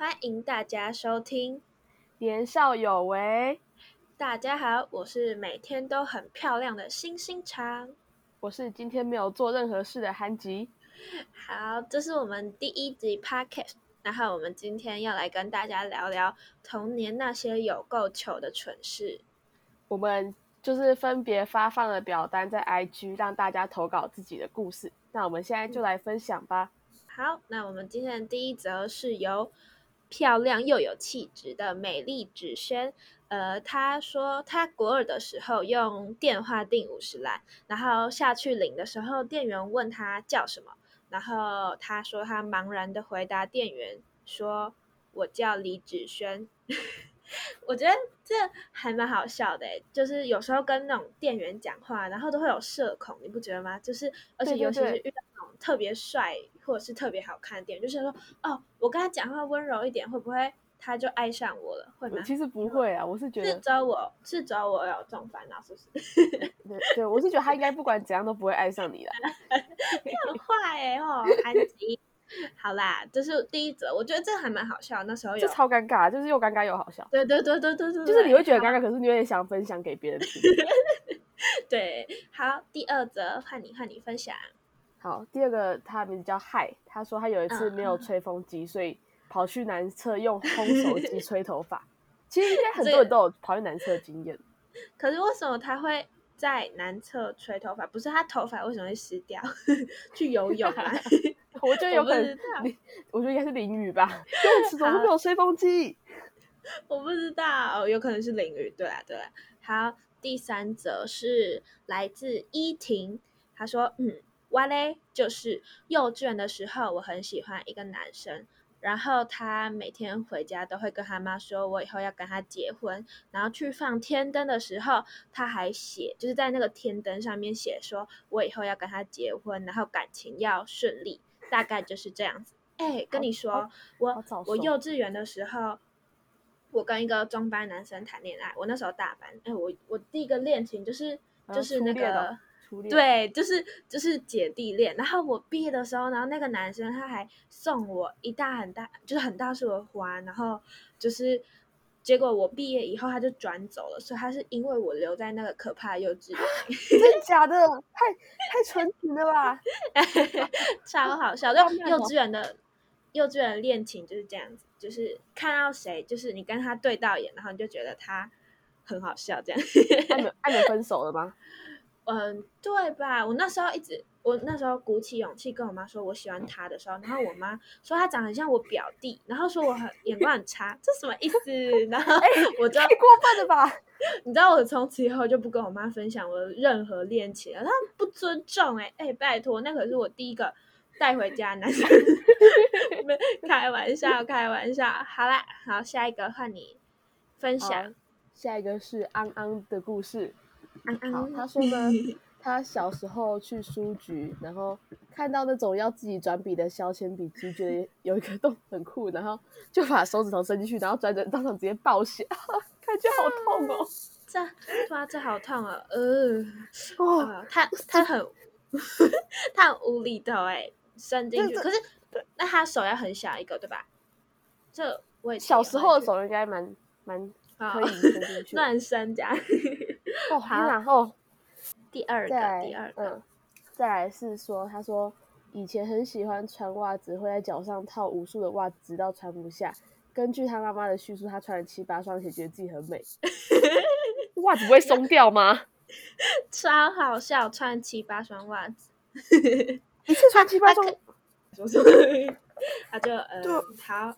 歡迎大家收聽《年少有為》。大家好，我是每天都很漂亮的鑫鑫腸。我是今天沒有做任何事的韓吉。好，這是我們第一集 podcast，然後我們今天要來跟大家聊聊童年那些有夠糗的蠢事。我們就是分別發放了表單在 IG 讓大家投稿自己的故事。那我們現在就來分享吧。好，那我們今天的第一則是由。漂亮又有氣質的美麗芷萱，呃，他說他國二的時候用電話訂五十嵐，然後下去領的時候，店員問他叫什麼，然後他說他茫然的回答店員說：“我叫李芷萱。 ”我覺得這還蠻好笑的、欸，就是有時候跟那種店員講話，然後都會有社恐，你不覺得嗎？就是，而且尤其是遇到那種特別帥或者是特別好看的店員，對對對，就是說，哦，我跟他講話溫柔一點，會不會他就愛上我了？會嗎？其實不會啊，我是覺得是找我是找我有這種煩惱，是不是？對，對，我是覺得他應該不管怎樣都不會愛上你的， 你很壞哎、欸、哦，安吉。 好啦，這、就是第一則，我覺得這還蠻好笑。那時候有這超尷尬，就是又尷尬又好笑。對對對對對，對就是你會覺得尷尬，啊、可是你會有點想分享給別人聽。 對，好，第二則，換你換你分享。好，第二個他名字叫嗨，他說他有一次沒有吹風機，嗯、所以跑去男廁用烘手機吹頭髮。 其實應該很多人都有跑去男廁經驗、這個。可是為什麼他會？在男廁吹頭髮，不是他頭髮為什麼會濕掉？ 去游泳啊？ 我覺得有可能 我，我覺得應該是淋雨吧。怎麼會有吹風機？ 我不知道，有可能是淋雨。對啊，對啊。好，第三則是來自依婷，他說：“嗯，我嘞，就是幼稚園的時候，我很喜歡一個男生。”然後他每天回家都會跟他媽說：“我以後要跟他結婚。”然後去放天燈的時候，他還寫，就是在那個天燈上面寫說：“我以後要跟他結婚，然後感情要順利。”大概就是這樣子。哎，跟你說，好我、哦、好早熟，我幼稚園的時候，我跟一個中班男生談戀愛。我那時候大班，哎，我我第一個戀情就是就是那個。啊對，就是就是姐弟戀。然後我畢業的時候，然後那個男生他還送我一大很大就是很大束的花。然後就是結果我畢業以後他就轉走了，所以他是因為我留在那個可怕的幼稚園。真的 假的？太太純情了吧？ 超好笑這種 幼稚園的 幼稚園戀情就是這樣子，就是看到誰，就是你跟他對到眼，然後你就覺得他很好笑，這樣子。 他們他們分手了嗎？嗯，對吧？我那時候一直，我那時候鼓起勇氣跟我媽說我喜歡他的時候，然後我媽說他長得很像我表弟，然後說我很眼光很差， 這什麼意思？然後我、欸、太過分了吧？ 你知道我從此以後就不跟我媽分享我的任何戀情了，然後不尊重哎、欸欸、拜託，那可是我第一個帶回家男生， 開玩笑，開玩笑。好啦，好，下一個換你分享，哦、下一個是安安的故事。嗯嗯他說呢，他小時候去書局， 然後看到那種要自己轉筆的削鉛筆機，就覺得有一個洞很酷，然後就把手指頭伸進去，然後轉轉，當場直接爆血，感覺好痛哦！啊、這哇，突然這好痛啊！嗯、呃，哇，哦哦、他他很這他很無厘頭哎、欸，伸進去，這可是那他手要很小一個對吧？這我也小時候的手應該蠻蠻，蠻可以伸進去、哦，亂伸加、啊。 哦，好然後第二個，來第二個，嗯，再來是說，他說以前很喜歡穿襪子，會在腳上套無數的襪子，直到穿不下。根據他媽媽的敘述，他穿了七八雙鞋，覺得自己很美。 襪子不會鬆掉嗎？超好笑，穿七八雙襪子， 一次穿七八雙，什麼他 就嗯，好、呃對，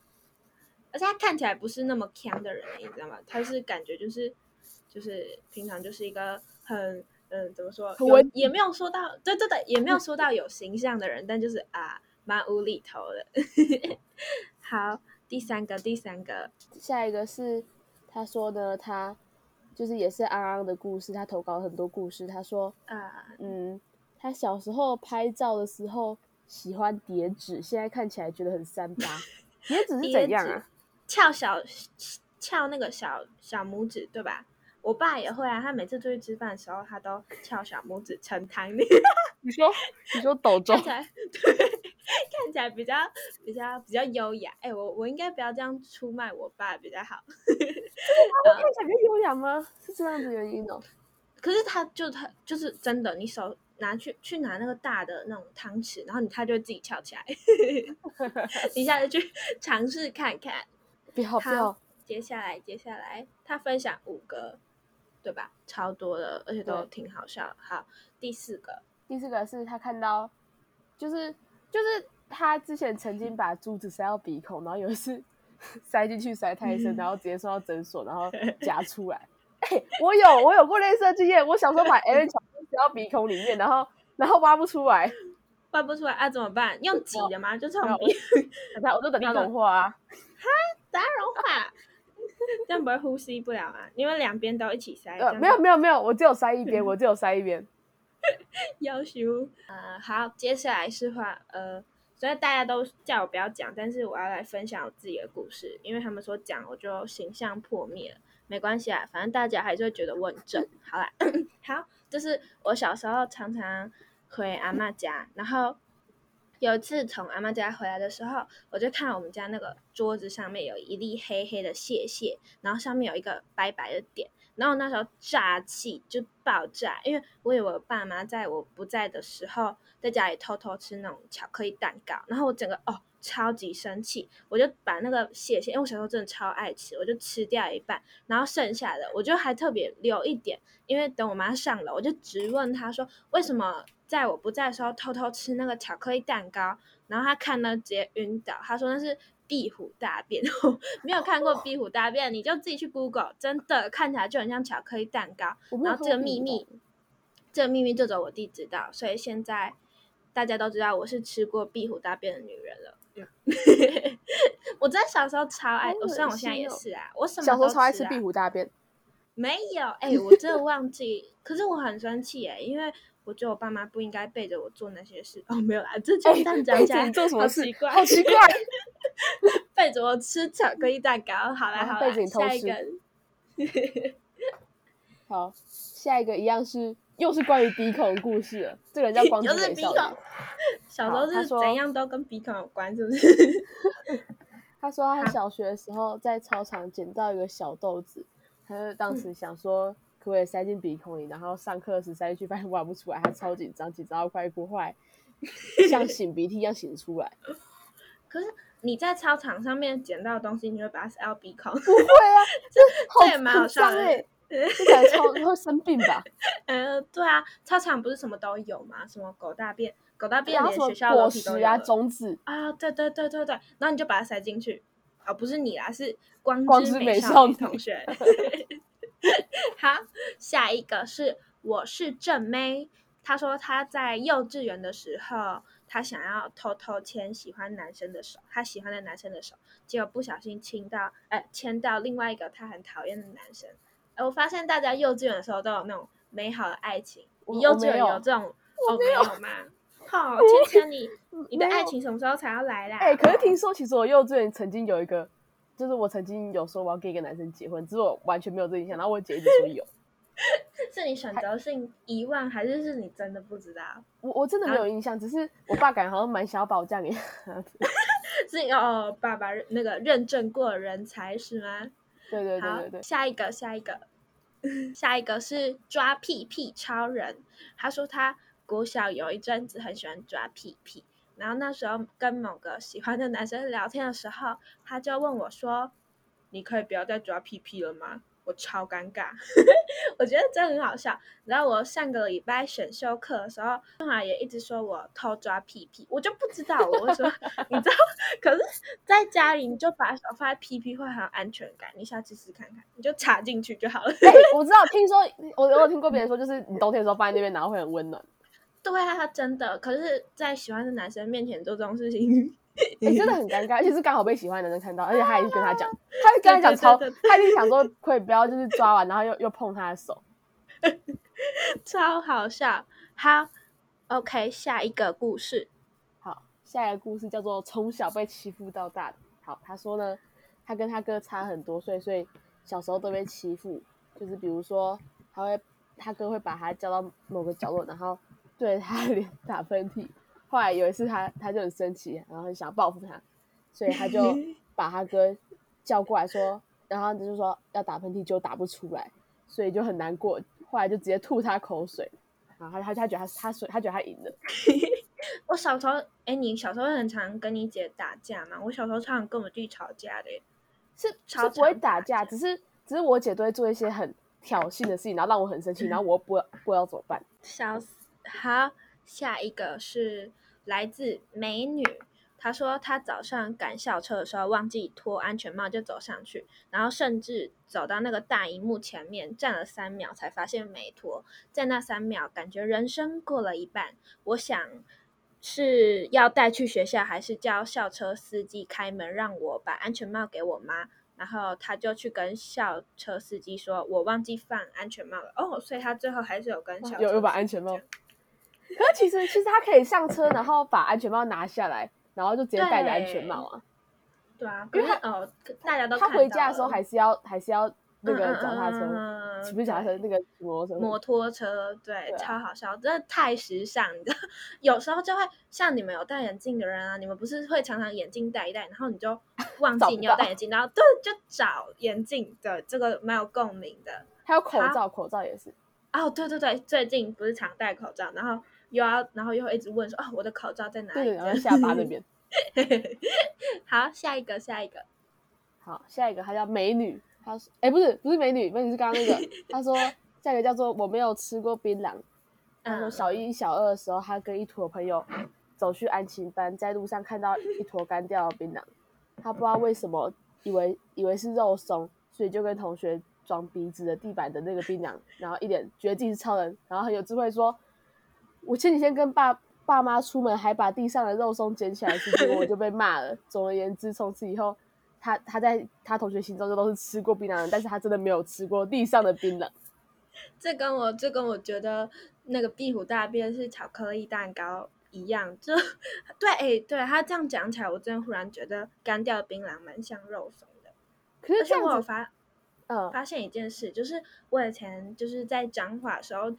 而且他看起來不是那麼強的人，你知道嗎？他是感覺就是。就是平常就是一個很嗯，怎麼說？我也沒有說到，對對對，也沒有說到有形象的人，嗯、但就是啊，蠻無厘頭的。 好，第三個，第三個，下一個是他說的，他就是也是阿昂，昂的故事。他投稿很多故事，他說啊，uh, 嗯，他小時候拍照的時候喜歡疊紙，現在看起來覺得很三八。疊 紙是怎樣啊？翹小翹那個小小拇指，對吧？我爸也會啊，他每次出去吃飯的時候，他都翹小拇指撐湯匙。你說，你說抖中，看起來對，看起來比較比較比較優雅。哎、欸，我我應該不要這樣出賣我爸比較好。他看起來比較優雅嗎？嗯、是這樣的原因哦。可是他就他就是真的，你手拿去去拿那個大的那種湯匙，然後你他就自己翹起來。 你下次去嘗試看看。不要好不要接。接下來接下來，他分享五個。對吧？超多的，而且都挺好笑的。好，第四個，第四個是他看到，就是就是他之前曾經把珠子塞到鼻孔，然後有一次塞進去塞太深，然後直接送到診所，然後夾出來。哎，我有我有過類似的經驗，我小時候把 L N 巧克力塞到鼻孔裡面，然後然後挖不出來，挖不出來啊？怎麼辦？用擠的嗎？就從鼻……，等我就等它融化啊！哈，當然融化。 這樣不會呼吸不了啊？因為兩邊都一起塞。呃，沒有沒有沒有，我只有塞一邊， 我只有塞一邊。夭壽 壽呃好，接下來是話呃，雖然大家都叫我不要講，但是我要來分享我自己的故事，因為他們說講我就形象破滅了，沒關係啊，反正大家還是會覺得我很正。好啦， 好，就是我小時候常常回阿嬤家，然後。有一次從阿嬤家回來的時候，我就看我們家那個桌子上面有一粒黑黑的蟹蟹，然後上面有一個白白的點，然後那時候炸氣就爆炸，因為我以為我爸媽在我不在的時候在家裡偷偷吃那種巧克力蛋糕，然後我整個哦超級生氣，我就把那個蟹蟹，因為我小時候真的超愛吃，我就吃掉一半，然後剩下的我就還特別留一點，因為等我媽上樓，我就質問她說為什麼。在我不在的時候偷偷吃那個巧克力蛋糕，然後他看到直接暈倒。他說那是壁虎大便，沒有看過壁虎大便，你就自己去 Google，真的看起來就很像巧克力蛋糕。然後這個秘密，這個秘密就只有我弟知道，所以現在大家都知道我是吃過壁虎大便的女人了。嗯、 我真的小時候超愛，雖然、哦哦、我現在也是啊，我啊小時候超愛吃壁虎大便。沒有，哎、欸，我真的忘記。 可是我很生氣、欸，因為我覺得我爸媽不應該背着我做那些事。哦，沒有啦，這就是旦在家你做什麼事，好奇怪， 背着我吃巧克力蛋糕。好了，好了，好，背著你偷吃，下一個。 好，下一個一樣是，又是關於鼻孔的故事了。 這個叫光子微笑。小時候是說怎樣都跟鼻孔有關，是不是？ 他說他小學的時候在操場撿到一個小豆子。他就當時想說，可不可以塞進鼻孔裡？然後上課時塞進去，發現挖不出來還緊張，他超緊張，緊張到快哭，快像擤鼻涕一樣擤出來。 可是你在操場上面撿到的東西，你就會把它塞到鼻孔？不會啊，這 這也蠻好笑的。你想你會生病吧？嗯、呃，對啊，操場不是什麼都有嗎？什麼狗大便、狗大便啊，學校果皮啊、種子啊，對對對對對，然後你就把它塞進去。啊、哦，不是你啦，是光之美少女同學。 好，下一個是我是正妹。他說他在幼稚園的時候，他想要偷偷牽喜歡男生的手，他喜歡的男生的手，結果不小心親到哎、呃、牽到另外一個他很討厭的男生。哎，我發現大家幼稚園的時候都有那種美好的愛情，你幼稚園有這種我沒有嗎？好，姐姐，你你的愛情什麼時候才要來啦？哎、欸，可是聽說，其實我幼稚園曾經有一個，好就是我曾經有說我要跟一個男生結婚，只是我完全沒有這印象。然後我姐一直說有， 是你選擇性遺忘，還，還是是你真的不知道？我我真的沒有印象，好只是我爸感覺好像蠻想要把我嫁給他的樣子。 是哦，爸爸那個認證過人才是嗎？對對對，好對對對對，下一個，下一個， 下一個是抓屁屁超人，他說他。我小有一陣子很喜歡抓屁屁，然後那時候跟某個喜歡的男生聊天的時候，他就問我說：“你可以不要再抓屁屁了嗎？”我超尷尬， 我覺得真的很好笑。然後我上個禮拜選修課的時候，正好也一直說我偷抓屁屁，我就不知道我為什麼，你知道？可是在家裡你就把手放在屁屁會很有安全感，你下次試試看看，你就插進去就好了。欸，我知道，聽說我有聽過別人說，就是你冬天的時候放在那邊，然後會很溫暖。對啊，他真的，可是，在喜歡的男生面前做這種事情，也、欸、真的很尷尬， 其實是剛好被喜歡的男生看到，而且他也是跟他講，啊、他還跟他講超，對對對對對他就想說可以不要就是抓完， 然後又又碰他的手，超好笑。好，OK，下一個故事。好，下一個故事叫做從小被欺負到大。好，他說呢，他跟他哥差很多歲，所以，所以小時候都被欺負，就是比如說他會他哥會把他叫到某個角落，然後，對他臉打噴嚏，後來有一次他他就很生氣，然後很想報復他，所以他就把他哥叫過來說，然後他就說要打噴嚏就打不出來，所以就很難過。後來就直接吐他口水，然後他他覺得他他他覺得他贏了。 我小時候，哎、欸，你小時候很常跟你姐打架嗎？我小時候常跟我弟吵架的、欸，是的是不會打架，只是只是我姐都會做一些很挑釁的事情，然後讓我很生氣，然後我又不、嗯、不知道怎麼辦，笑死。好，下一個是來自美女。她說，她早上趕校車的時候忘記脫安全帽，就走上去，然後甚至走到那個大熒幕前面站了三秒，才發現沒脫。在那三秒，感覺人生過了一半。我想是要帶去學校，還是叫校車司機開門讓我把安全帽給我媽？然後她就去跟校車司機說：“我忘記放安全帽了。”哦，所以她最後還是有跟校車司機、哦、有，有把安全帽。可是其實，其實他可以上車，然後把安全帽拿下來，然後就直接戴著安全帽啊。對啊，因為他哦，大家都看到他回家的時候還是要還是要那個腳踏車，騎不腳踏車那個摩托車？摩托車對，超好笑，真的太時尚。你知道，有時候就會像你們有戴眼鏡的人啊，你們不是會常常眼鏡戴一戴，然後你就忘記你有戴眼鏡，然後對，就找眼鏡的這個沒有共鳴的。還有口罩，口罩也是。哦，對對對，最近不是常戴口罩，然後。有啊，然後又會一直問說：“啊、哦、我的口罩在哪裡？”對，這樣，然後下巴那邊。 好，下一個，下一個。好，下一個，他叫美女。他說：“哎，不是，不是美女，美女是剛剛那個。” 他說：“下一個叫做我沒有吃過檳榔。”他說：“小一、小二的時候，他跟一坨朋友走去安親班，在路上看到一坨乾掉的檳榔，他不知道為什麼，以為以為是肉鬆，所以就跟同學裝鼻子的地板的那個檳榔，然後一臉絕技是超人，然後很有智慧說。”我前幾天跟爸爸媽出門，還把地上的肉鬆撿起來之結果我就被罵了。總而言之，從此以後，他他在他同學心中都都是吃過檳榔，但是他真的沒有吃過地上的檳榔。這跟我這跟我覺得那個壁虎大便是巧克力蛋糕一樣，就對，誒、欸，對，他這樣講起來，我真的忽然覺得乾掉檳榔蠻像肉鬆的。可是，我有發，呃發現一件事，就是我以前就是在講話的時候。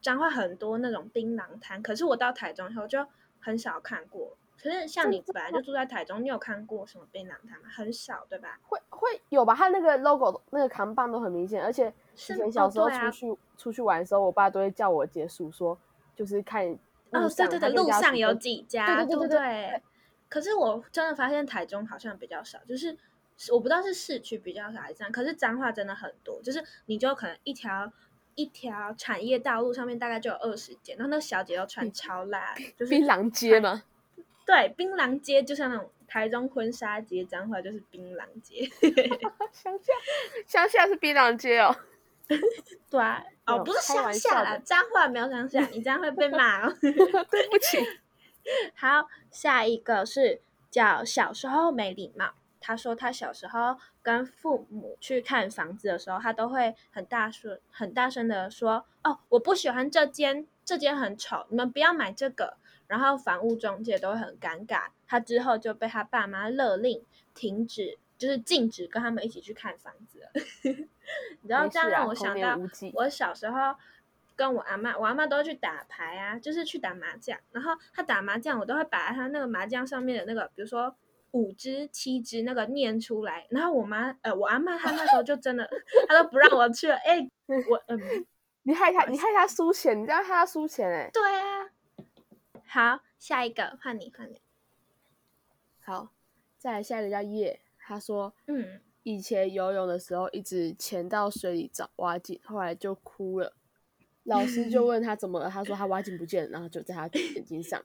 彰化很多，那種檳榔攤，可是我到台中以後就很少看過。可是像你本來就住在台中，你有看過什麼檳榔攤嗎？很少，對吧？會會有吧？他那個 logo、那個扛棒都很明顯，而且以前小時候出去、哦啊、出去玩的時候，我爸都會叫我結束說，說就是看哦，對，對對的，路上有幾家，對對對。可是我真的發現台中好像比較少，就是我不知道是市區比較少還是這樣，可是彰化真的很多，就是你就可能一條。一條產業道路上面大概就有二十間，然後那小姐要穿超辣，嗯、就是檳榔街嘛？對，檳榔街就像那種台中婚紗街，彰化就是檳榔街。鄉下，鄉下是檳榔街哦。 對、啊、有哦不是鄉下啦。彰化沒有鄉下，你這樣會被罵哦。 對不起。好，下一個是叫小時候沒禮貌。他說他小時候跟父母去看房子的時候，他都會很大聲很大聲的說：“哦、oh,，我不喜歡這間，這間很醜，你們不要買這個。”然後房屋中介都很尷尬。他之後就被他爸媽勒令停止，就是禁止跟他們一起去看房子。 你知道、啊、這樣讓我想到，我小時候跟我阿嬤，我阿嬤都會去打牌啊，就是去打麻將。然後他打麻將，我都會把他那個麻將上面的那個，比如說。五隻、七隻，那個念出來。然後我媽，呃，我阿嬤她那時候就真的， 她都不讓我去了，哎、欸，我，嗯，你害她，你害她輸錢，你知道害她輸錢哎、欸？對啊。好，下一個換你，換你。好，再來下一個叫葉，他說，嗯，以前游泳的時候一直潛到水裡找蛙鏡，後來就哭了。老師就問他怎麼了， 他說他蛙鏡不見了，然後就在他眼睛上。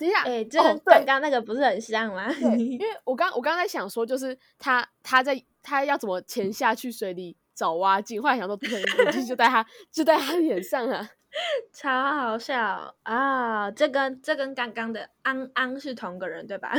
等一下，哎、欸，就是剛剛那個不是很像嗎？哦、因為我剛我剛才想說，就是他他在他要怎麼潛下去水裡找蛙鏡，幻想都噴出去， 就在他就在他臉上啊，超好笑啊，哦！這跟、個、這跟剛剛的安安是同個人對吧？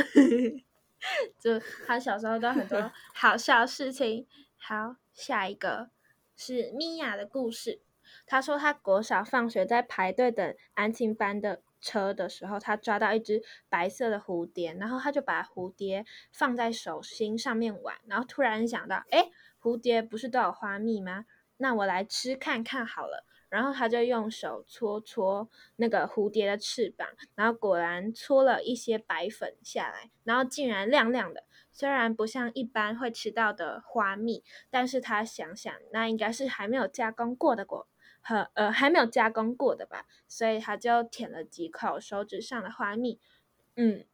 就他小時候都很多好笑的事情。 好，下一個是米婭的故事。他說他國小放學在排隊等安親班的。車的時候，他抓到一隻白色的蝴蝶，然後他就把蝴蝶放在手心上面玩，然後突然想到，哎，蝴蝶不是都有花蜜嗎？那我來吃看看好了。然後他就用手搓搓那個蝴蝶的翅膀，然後果然搓了一些白粉下來，然後竟然亮亮的。雖然不像一般會吃到的花蜜，但是他想想，那應該是還沒有加工過的果，很呃還沒有加工過的吧，所以他就舔了幾口手指上的花蜜，嗯，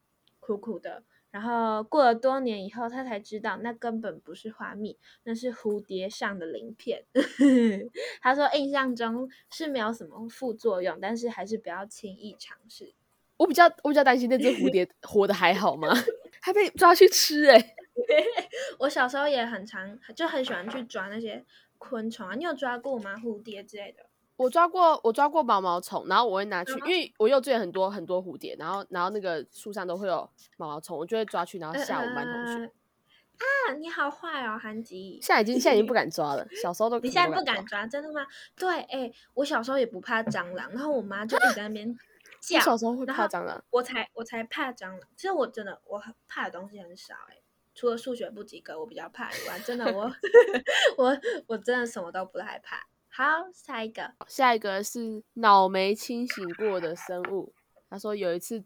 苦苦的。然後過了多年以後，他才知道那根本不是花蜜，那是蝴蝶上的鱗片。 他說印象中是沒有什麼副作用，但是還是不要輕易嘗試。我比較我比較擔心那只蝴蝶活得還好嗎？ 還被抓去吃誒、欸， 我小時候也很常就很喜歡去抓那些。昆蟲啊，你有抓過嗎？蝴蝶之類的，我抓過，我抓過毛毛蟲，然後我會拿去，哦、因為我幼稚園很多很多蝴蝶，然後然後那個樹上都會有毛毛蟲，我就會抓去，然後嚇我們班同學、呃呃。啊，你好壞哦，韓吉。現在已經現在已經不敢抓了， 小時候都不敢抓。你現在不敢抓，真的嗎？對，哎、欸，我小時候也不怕蟑螂，然後我媽就一直在那邊叫。你、啊、小時候會怕蟑螂？我才我才怕蟑螂，其實我真的我很怕的東西很少哎、欸。除了數學不及格，我比較怕以外，真的我 我我真的什麼都不害怕。好，下一個，下一個是腦沒清醒過的生物。他說有一次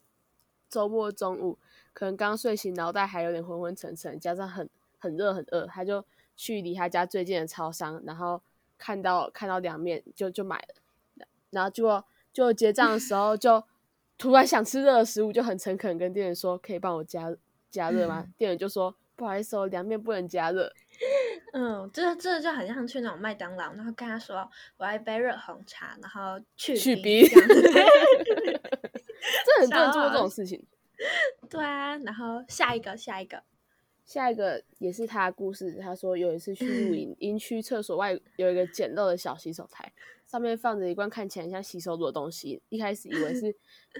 週末中午，可能剛睡醒，腦袋還有點昏昏沉沉，加上很很熱很餓，他就去離他家最近的超商，然後看到看到涼麵就就買了，然後就就結賬的時候就突然想吃熱的食物， 就很誠懇跟店員說，可以幫我加加熱嗎？嗯、店員就說。不好意思哦，涼麵不能加熱。嗯，這這就很像去那種麥當勞，然後跟他說我要一杯熱紅茶，然後去冰取冰 這很多人做這種事情。對啊，然後下一個，下一個，下一個也是他的故事。他說有一次去露營，營區廁所外有一個簡陋的小洗手台，上面放着一罐看起來像洗手乳的東西。一開始以為是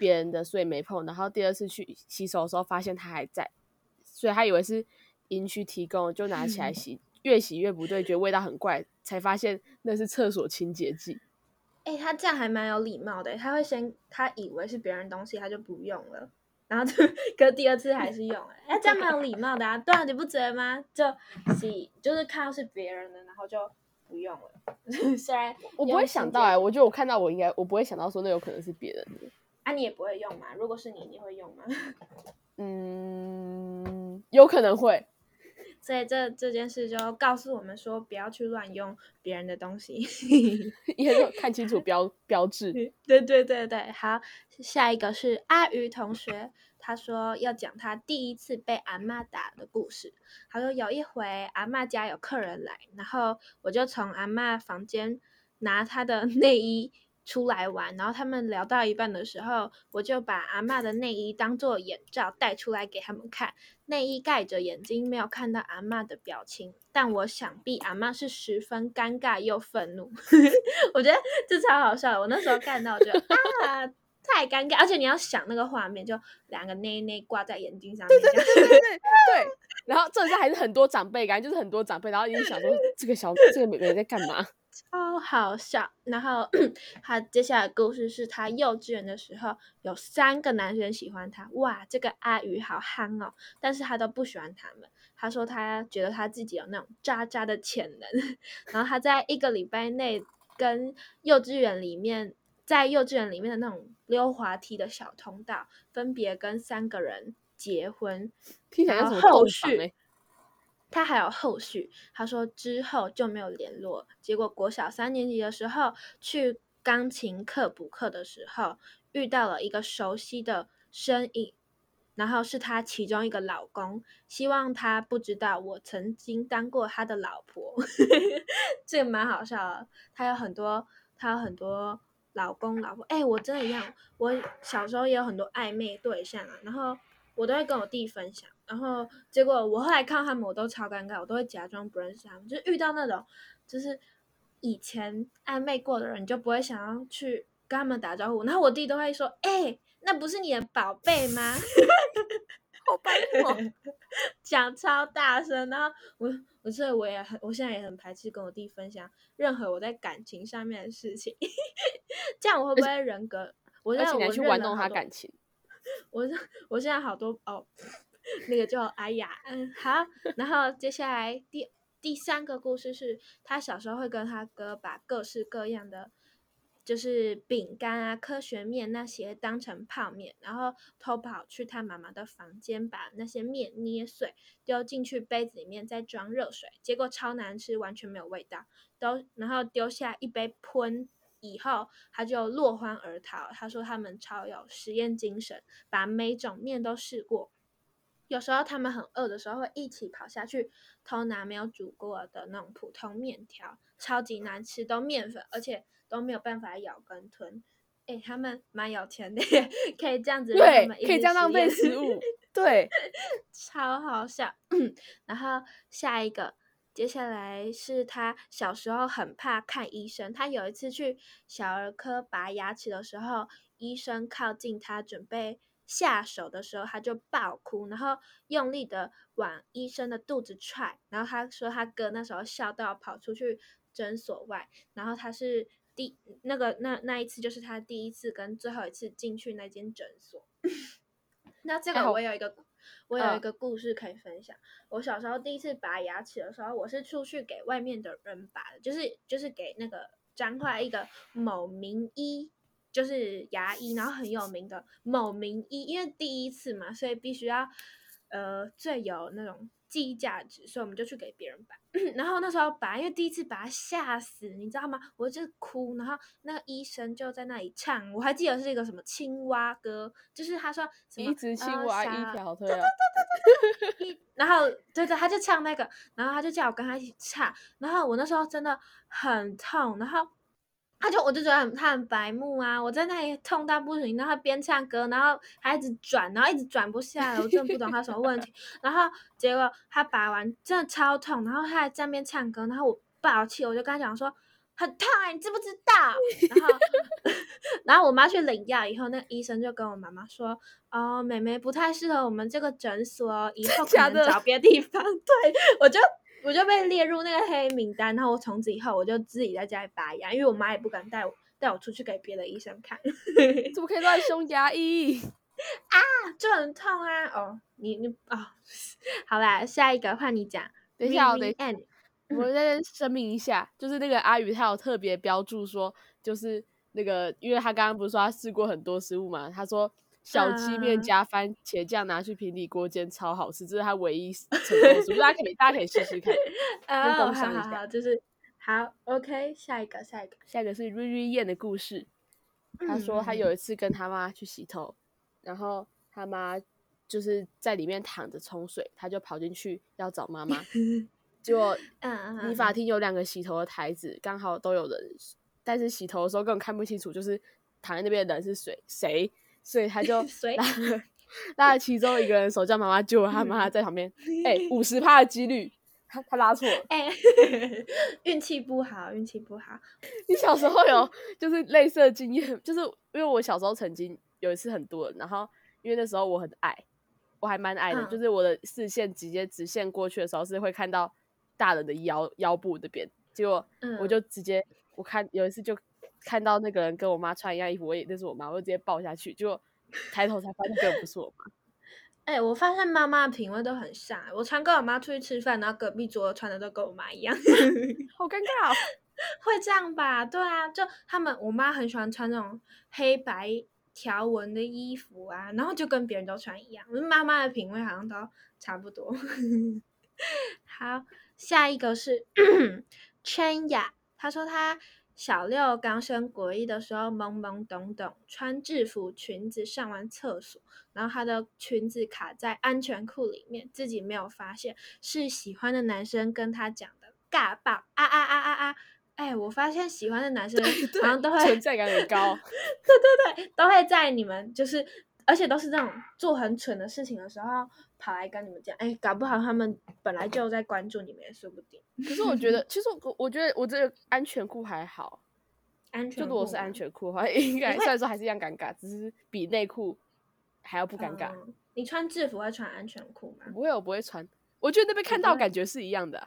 別人的，所以沒碰。然後第二次去洗手的時候，發現它還在，所以他以為是。鄰居提供，就拿起來洗，越洗越不對，嗯、覺得味道很怪，才發現那是廁所清潔劑。哎、欸，他這樣還蠻有禮貌的，他會先他以為是別人東西，他就不用了，然後就可是第二次還是用了，哎、 啊，這樣蠻有禮貌的啊。對啊，你不覺得嗎？就洗，就是看到是別人的，然後就不用了。 雖然我不會想到哎，我覺得我看到我應該，我不會想到說那有可能是別人的。啊、你也不會用嗎？如果是你，你會用嗎？嗯，有可能會。所以這這件事就告訴我們說，不要去亂用別人的東西， 也要看清楚標 標誌。對對對對，好，下一個是阿瑜同學，他說要講他第一次被阿嬤打的故事。他說有一回阿嬤家有客人來，然後我就從阿嬤房間拿她的內衣出來玩，然後他們聊到一半的時候，我就把阿嬤的內衣當做眼罩帶出來給他們看，內衣蓋着眼睛，沒有看到阿嬤的表情，但我想必阿嬤是十分尷尬又憤怒。 我覺得這超好笑的，我那時候看到就 啊，太尷尬，而且你要想那個畫面，就兩個內內掛在眼睛上面，對對，對，對，對， 對，然後這下還是很多長輩，感覺就是很多長輩，然後一直想說這個小這個妹妹在幹嘛。超好笑！然後他接下來的故事是他幼稚園的時候，有三個男生喜歡他，哇，這個阿魚好憨哦，但是他都不喜歡他們。他說他覺得他自己有那種渣渣的潛能。然後他在一個禮拜內跟幼稚園裡面，在幼稚園裡面的那種溜滑梯的小通道，分別跟三個人結婚。聽起來是後續。他還有後續，他說之後就沒有聯絡。結果國小三年級的時候，去鋼琴課補課的時候，遇到了一個熟悉的身影，然後是他其中一個老公。希望他不知道我曾經當過他的老婆， 這個蠻好笑的。他有很多，他有很多老公老婆。誒，我真的一樣，我小時候也有很多曖昧對象啊。然後。我都會跟我弟分享，然後結果我後來看到他們，我都超尷尬，我都會假裝不認識他們。就是遇到那種，就是以前曖昧過的人，你就不會想要去跟他們打招呼。然後我弟都會說：“哎、欸，那不是你的寶貝嗎？”好白 我講超大聲。然後我，我所以我也很，我現在也很排斥跟我弟分享任何我在感情上面的事情。 這樣我會不會人格？而且我，我而且去玩弄他感情。我我現在好多哦，那個叫哎呀，嗯好，然後接下來第第三個故事是，他小時候會跟他哥把各式各樣的就是餅乾啊、科學麵那些當成泡麵，然後偷跑去他媽媽的房間，把那些麵捏碎，丟進去杯子裡面，再裝熱水，結果超難吃，完全沒有味道，都然後丟下一杯噴。以後他就落荒而逃。他說他們超有實驗精神，把每種麵都試過。有時候他們很餓的時候，會一起跑下去偷拿沒有煮過的那種普通麵條，超級難吃，都麵粉，而且都沒有辦法咬跟吞。哎，他們蠻有錢的耶，可以這樣子讓他們對，一直實驗，可以這樣浪費食物，對，超好笑。嗯，然後下一個。接下來是他小時候很怕看醫生，他有一次去小兒科拔牙齒的時候，醫生靠近他準備下手的時候，他就爆哭，然後用力的往醫生的肚子踹，然後他說他哥那時候笑到跑出去診所外，然後他是第那個那那一次就是他第一次跟最後一次進去那間診所， 那這個我有一個。我有一個故事可以分享。Uh, 我小時候第一次拔牙齒的時候，我是出去給外面的人拔的，就是就是給那個彰化一個某名醫，就是牙醫，然後很有名的某名醫。因為第一次嘛，所以必須要，呃，最有那種。記憶價值，所以我們就去給別人拔。 然後那時候拔，因為第一次把他嚇死，你知道嗎？我就哭，然後那個醫生就在那裡唱，我還記得是一個什麼青蛙歌，就是他說什麼一隻青蛙一條腿、嗯、 然後對對，他就唱那個，然後他就叫我跟他一起唱，然後我那時候真的很痛，然後。他就，我就覺得很，他很白目啊！我在那裡痛到不行，然後邊唱歌，然後還一直轉，然後一直轉不下來，我真的不懂他什麼問題。 然後結果他拔完真的超痛，然後他還在那邊唱歌，然後我暴氣，我就跟他講說很痛啊，你知不知道？ 然後然後我媽去領藥以後，那個醫生就跟我媽媽說， 哦，妹妹不太適合我們這個診所、哦，以後可能找別的地方。 對我就。我就被列入那個黑名單，然後從此以後我就自己在家裡拔牙，因為我媽也不敢帶我帶我出去給別的醫生看。 怎麼可以亂凶牙醫 啊？就很痛啊！哦、oh,，你你哦，oh. 好啦，下一個換你講。等一下，我等一下 我再聲明一下，就是那個阿宇他有特別標注說，就是那個，因為他剛剛不是說他試過很多食物嘛，他說。小雞麵加番茄醬，uh, 拿去平底鍋煎，超好吃！這是他唯一成功煮， 大家可以 大家可以試試看，分享、oh, 一下。好好好就是好 OK，下一個下一個，下一個，下一個是瑞瑞燕的故事。嗯、他說他有一次跟他媽去洗頭，然後他媽就是在裡面躺着沖水，他就跑進去要找媽媽， 結果，嗯，理髮廳有兩個洗頭的台子，剛好都有人，但是洗頭的時候根本看不清楚，就是躺在那邊的人是誰誰。所以他就拉了，那誰其中一個人手叫媽媽救了他，媽媽在旁邊。哎、嗯，五十趴的幾率，他他拉錯，了，哎、欸，運 氣不好，運氣不好。你小時候有就是類似的經驗？就是因為我小時候曾經有一次很多人，然後因為那時候我很矮，我還蠻矮的，嗯、就是我的視線直接直線過去的時候是會看到大人的腰腰部這邊，結果我就直接、嗯、我看有一次就。看到那個人跟我媽穿一樣衣服，我也認識我媽，我就直接抱下去，就抬頭才發現不是我媽。哎、 欸，我發現媽媽的品味都很像，我常跟我媽出去吃飯，然後隔壁桌穿的都跟我媽一樣， 好尷尬， 會這樣吧？對啊，就他們，我媽很喜歡穿那種黑白條紋的衣服啊，然後就跟別人都穿一樣，媽媽的品味好像都差不多。 好，下一個是 Chan ya，她說她。小六剛升國一的時候懵懵懂懂，穿制服裙子上完廁所，然後她的裙子卡在安全褲裡面，自己沒有發現，是喜歡的男生跟他講的尬爆，啊啊啊啊啊！哎，我發現喜歡的男生好像都會對對 存在感很高，對對對，都會在你們就是。而且都是這樣做很蠢的事情的時候，跑來跟你們講，哎、欸，搞不好他們本來就在關注你們，也說不定。可是我覺得， 其實我我覺得我這個安全褲還好，安全就如果是安全褲的話，應該會雖然說還是一樣尷尬，會只是比內褲還要不尷尬、嗯。你穿制服會穿安全褲嗎？我不會，我不會穿。我覺得那邊看到感覺是一樣的。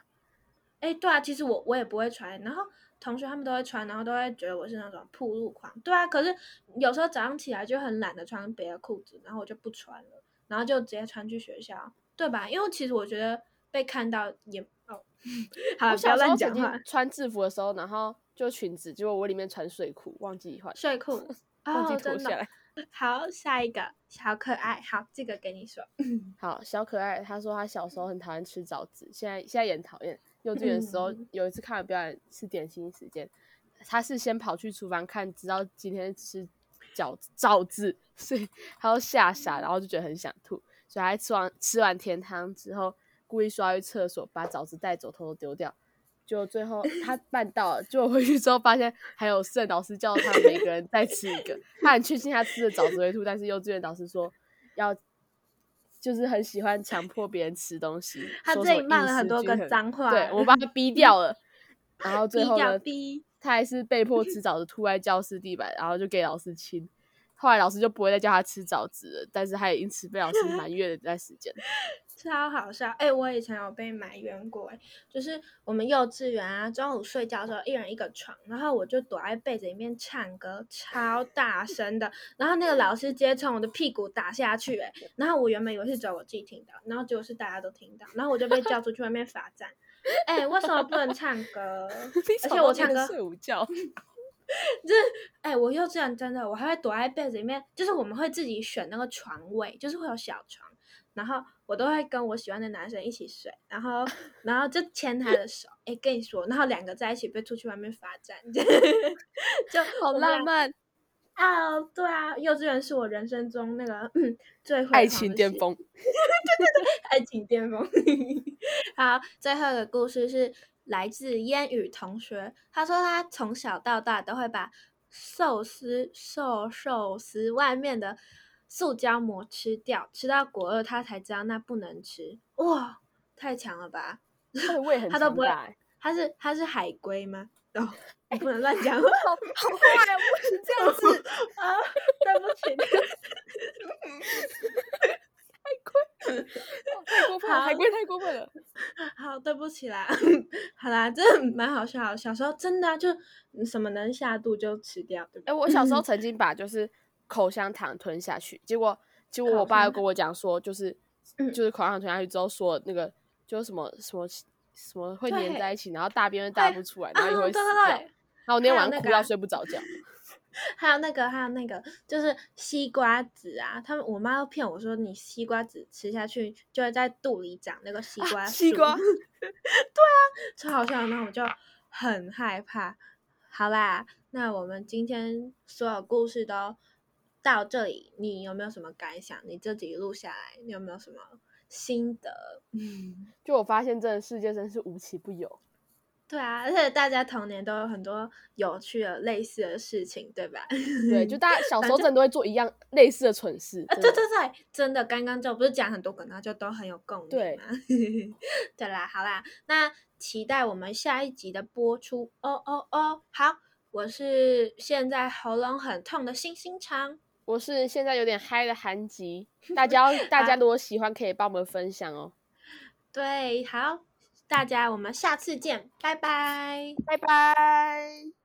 哎、欸，對啊，其實我我也不會穿，然後。同學他們都會穿，然後都會覺得我是那種暴露狂。對啊，可是有時候早上起來就很懶得穿別的褲子，然後我就不穿了，然後就直接穿去學校，對吧？因為其實我覺得被看到也哦，oh. 好，不要亂講話。我小時候穿制服的時候，然後就裙子，結果我裡面穿睡褲，忘記換。睡褲褲， 忘記脫下來、oh，。好，下一個小可愛，好，這個給你說。 好，小可愛，他說他小時候很討厭吃棗子，現在現在也討厭。幼稚園的時候，有一次看了表演吃點心時間，他是先跑去廚房看，知道今天吃餃子棗子，所以他都嚇傻，然後就覺得很想吐，所以還吃完吃完甜湯之後，故意刷去廁所把棗子帶走，偷偷丟掉，就最後他辦到了，就回去之後發現還有剩，老師叫他每個人再吃一個，他 很確定他吃的棗子會吐，但是幼稚園老師說要。就是很喜歡強迫別人吃東西，說 了很多個髒話， 對我把他逼掉了， 然後最後呢， B 掉 D 他還是被迫吃棗的，吐在教室地板，然後就給老師親。後來老師就不會再叫他吃棗子了，但是他也因此被老師埋怨了一段時間。 超好笑！哎、欸，我以前有被埋怨過、欸，哎，就是我們幼稚園啊，中午睡覺的時候，一人一個床，然後我就躲在被子裡面唱歌，超大聲的，然後那個老師直接從我的屁股打下去、欸，哎，然後我原本以為是只有我自己聽到，然後結果是大家都聽到，然後我就被叫出去外面罰站。哎、 欸，為什麼不能唱歌？ 而且我唱歌睡午覺。就是，哎、欸，我幼稚園真的，我還會躲在被子裡面。就是我們會自己選那個床位，就是會有小床，然後我都會跟我喜歡的男生一起睡，然後，然後就牽他的手，哎、欸，跟你說，然後兩個在一起被出去外面罰站， 就, 就好浪漫啊！對啊，幼稚園是我人生中那個、嗯、最最愛情巔峰， 對對對，愛情巔峰。 好，最後的故事是。來自煙雨同學，他說他從小到大都會把壽司壽壽司外面的塑膠膜吃掉，吃到果肉。他才知道那不能吃。哇，太強了吧！他的胃很強他，都不會他是他是海龜嗎？哦，你不能亂講。欸、 好，好壞呀，不能這樣子、哦、 啊！對不起。 太過分，海、 哦、太過分了。好，對不起啦。好啦，真的蠻好笑。小時候真的、啊、就你什麼能下肚就吃掉。哎對對、欸，我小時候曾經把就是口香糖吞下去，結果結果我爸又跟我講說，就是就是口香糖吞下去之後說那個就是、什麼什麼什麼會粘在一起，對然後大便會大不出來，對然後也會死掉。啊、對對對然後我那天晚上哭到睡不着覺。還有那個，還有那個，就是西瓜籽啊！他們我媽要騙我說，你西瓜籽吃下去就會在肚裡長那個西瓜、啊、西瓜。 對啊，超好笑！那我就很害怕。好啦，那我們今天所有故事都到這裡。你有沒有什麼感想？你自己錄下來，你有沒有什麼心得？嗯，就我發現，這個世界真是無奇不有。對啊，而且大家童年都有很多有趣的類似的事情，對吧？對，就大家小時候真的都會做一樣類似的蠢事。就對，啊、對對對，真的，剛剛就不是講很多個，那就都很有共鳴。對， 對啦，好啦，那期待我們下一集的播出。哦哦哦，好，我是現在喉嚨很痛的鑫鑫腸，我是現在有點嗨的韓吉。大家大家如果喜歡，可以幫我們分享哦。 對，好。大家，我們下次見，拜拜，拜拜。